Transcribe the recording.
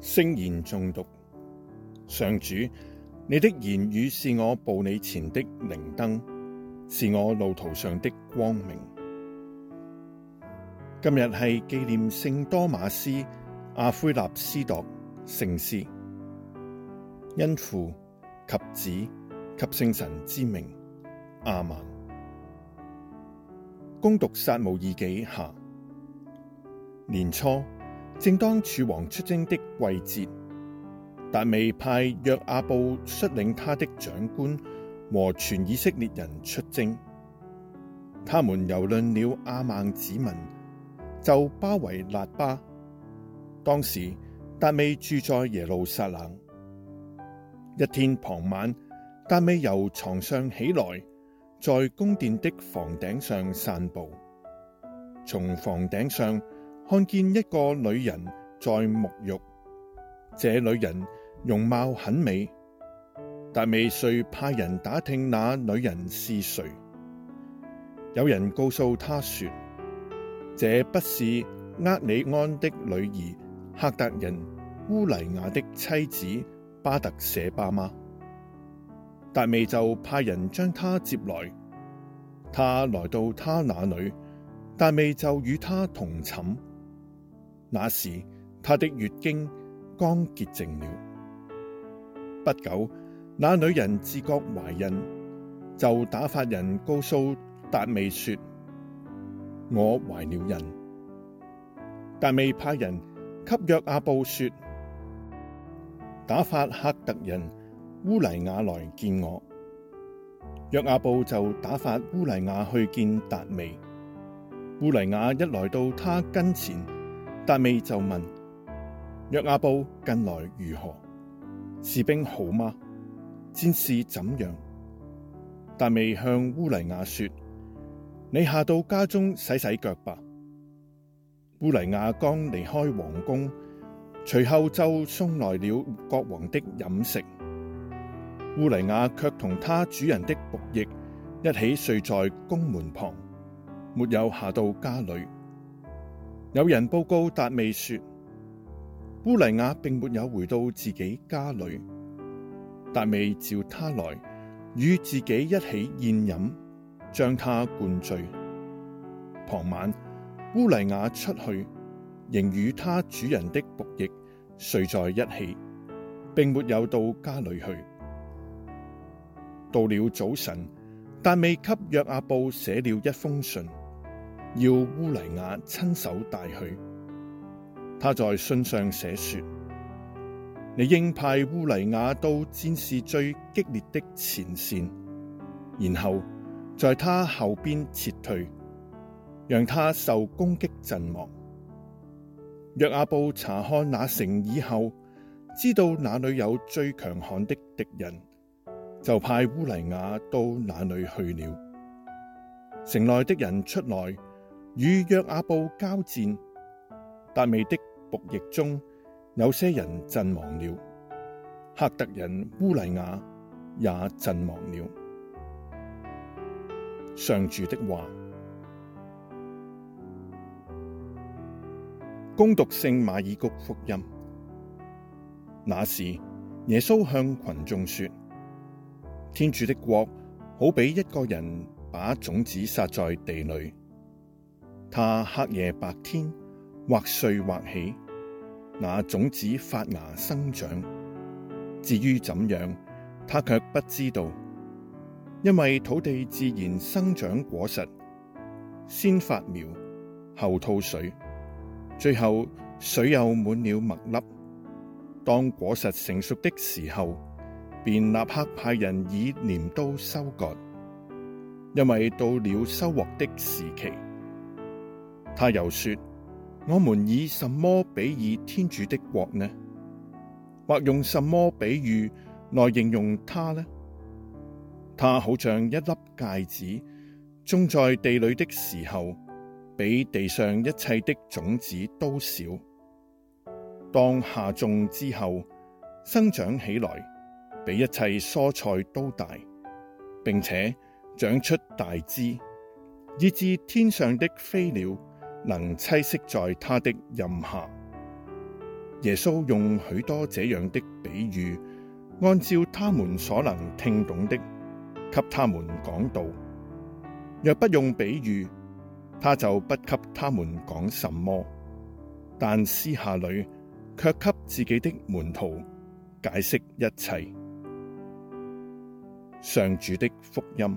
聖言誦讀，上主，你的言語是我步你前的靈燈，是我路途上的光明。今日係紀念聖多瑪斯阿奎納司鐸聖師，因父及子及聖神之名，阿門。恭讀撒慕爾紀下，年初。正當諸王出征的季節，達味派約阿布率領他的將官和全以色列人出征。他們蹂躪了阿孟子民，就包圍辣巴。當時達味住在耶路撒冷。一天傍晚，達味由床上起來，在宮殿的房頂上散步。從房頂上。看見一個女人在沐浴，這女人容貌很美，達味遂派人打聽那女人是誰。有人告訴他說：這不是厄里安的女兒，赫特人烏黎雅的妻子巴特舍巴嗎？達味就派人將她接來，她來到他那裏，達味就與她同寢。那時他的月經剛潔淨了。不久，那女人自覺懷孕，就打發人告訴達味說：我懷了孕。達味派人給約阿布說：打發赫特人烏黎雅來見我。約阿布就打發烏黎雅去見達味。烏黎雅一來到他跟前。達味就問約阿布近來如何？士兵好嗎？戰事怎樣？達味向烏黎雅說，你下到家中洗洗腳吧。烏黎雅剛離開王宮，隨後就送來了國王的飲食。烏黎雅却同他主人的僕役一起睡在宮門旁，沒有下到家裏。有人報告達味說，烏黎雅並沒有回到自己家裏，達味召他來，與自己一起宴飲，將他灌醉。傍晚，烏黎雅出去，仍與他主人的僕役睡在一起，並沒有到家裏去。到了早晨，達味給約阿布寫了一封信。要烏黎雅親手帶去。他在信上寫說：你應派烏黎雅到戰事最激烈的前線，然後在他後邊撤退，讓他受攻擊陣亡。約阿布查看那城以後，知道那裏有最強悍的敵人，就派烏黎雅到那裏去了。城內的人出來。與約阿布交戰，達味的僕役中，有些人陣亡了，赫特人烏麗雅也陣亡了。上主的話，恭讀聖馬爾谷福音。那時耶穌向群眾說：天主的國好比一個人把種子撒在地裏。他黑夜白天，或睡或起，那種子發芽生長。至於怎樣，他却不知道，因為土地自然生長果實，先發苗，後吐穗，最後穗又滿了麥粒。當果實成熟的時候，便立刻派人以鐮刀收割，因為到了收穫的時期。他又說：我們以什麼比擬天主的國呢？或用什麼比喻來形容它呢？它好像一粒芥子，種在地裏的時候，比地上一切的種子都小；當下種之後，生長起來，比一切蔬菜都大，並且長出大枝，以致天上的飛鳥。能棲息在他的蔭下。耶穌用許多這樣的比喻，按照他們所能聽懂的，給他們講道。若不用比喻，他就不給他們講什麼。但私下裏，却給自己的門徒解釋一切。上主的福音。